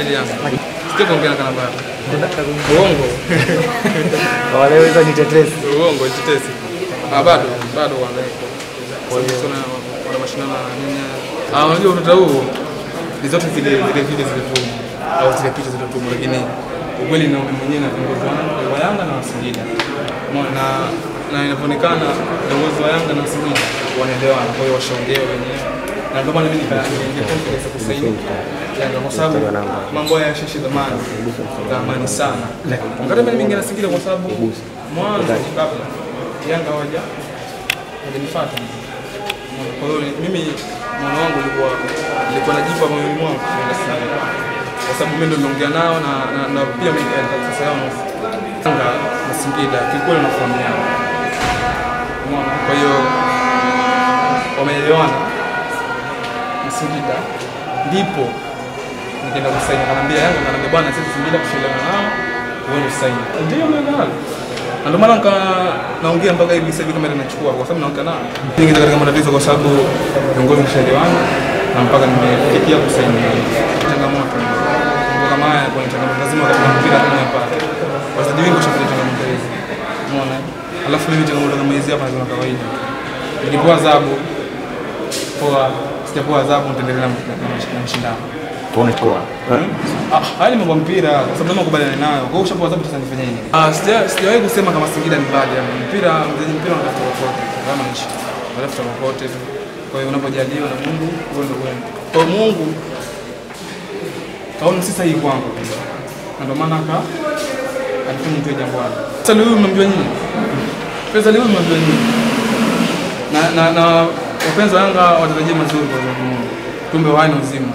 ajili yangu. Sitaki kuongea na namba yako. Uongo. Wale hizo ni tetesi. Uongo, tetesi. Ah, bado bado wanaiko. Sana wana mashindano na nini? Ah, unajua utoto huo ni zote zile zile video zile tu au zile picha zile tu, lakini ukweli na mwenyewe na viongozi wa Yanga na Singida na na inapoonekana viongozi wa Yanga na Singida wanaelewana, kwa hiyo washaongea wenyewe na ndio maana mimi ningependa kwa sababu mambo haya yashashi zamani zamani sana wakati mimi mingi nasikiliza kwa sababu mwanzo kabla Yanga waja wajanifuata kwa hiyo mimi mwana wangu nilikuwa nilikuwa najipa moyoni mwangu kwa sababu mimi ndio nimeongea nao na, na, na pia sasa yao Yanga na Singida kilikuwa nafahamiana. Umeona? Kwa hiyo wameelewana Singida, ndipo nikaenda kusaini, akanambia Yanga, akanambia bwana, sisi Singida tushindana nao, uende usaini. Ndio ndio na ndio maana naongea mpaka hivi sasa kama nachukua kwa sababu naongea naye ningeza katika matatizo kwa sababu viongozi nishaelewana na mpaka nimefikia kusainia changamoto kama haya kwa changamoto lazima katika mpira kama hapa kwa sababu wengi washapitia changamoto hizi umeona alafu mimi changamoto kama hizi hapa ni kawaida nilipewa adhabu poa sitakuwa adhabu, nitaendelea na mshindano hmm? ah, haya ni mambo mpira, kwa sababu lazima nayo. Kwa hiyo ushapewa adhabu, sasa nifanye nini? Ah, sijawahi kusema kama Singida ni bali yaani mpira, mchezaji mpira unatafuta kokote kama nchi, unatafuta kokote. Kwa hiyo unapojaliwa na Mungu, huo ndio wewe. Kwa Mungu kaona si sahihi kwangu, na ndio maana aka alifanya mtu jangwani. Sasa leo mmemjua nini? pesa leo mmemjua nini? na na, na wapenzi wa Yanga mazuri kwa sababu tumbe wana uzima.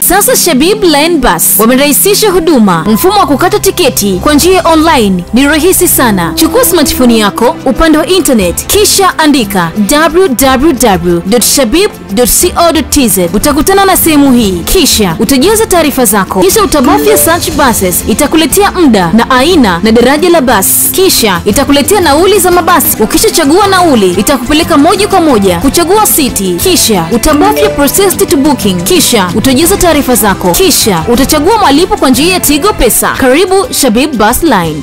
Sasa Shabib Line Bus wamerahisisha huduma. Mfumo wa kukata tiketi kwa njia ya online ni rahisi sana. Chukua smartphone yako upande wa internet, kisha andika www.shabib.co.tz. Utakutana na sehemu hii, kisha utajaza taarifa zako, kisha utabofya search buses. Itakuletea muda na aina na daraja la basi kisha itakuletea nauli za mabasi. Ukishachagua nauli, itakupeleka moja kwa moja kuchagua siti, kisha utabofya processed to booking, kisha utajaza taarifa zako, kisha utachagua malipo kwa njia ya Tigo Pesa. Karibu Shabib Bus Line.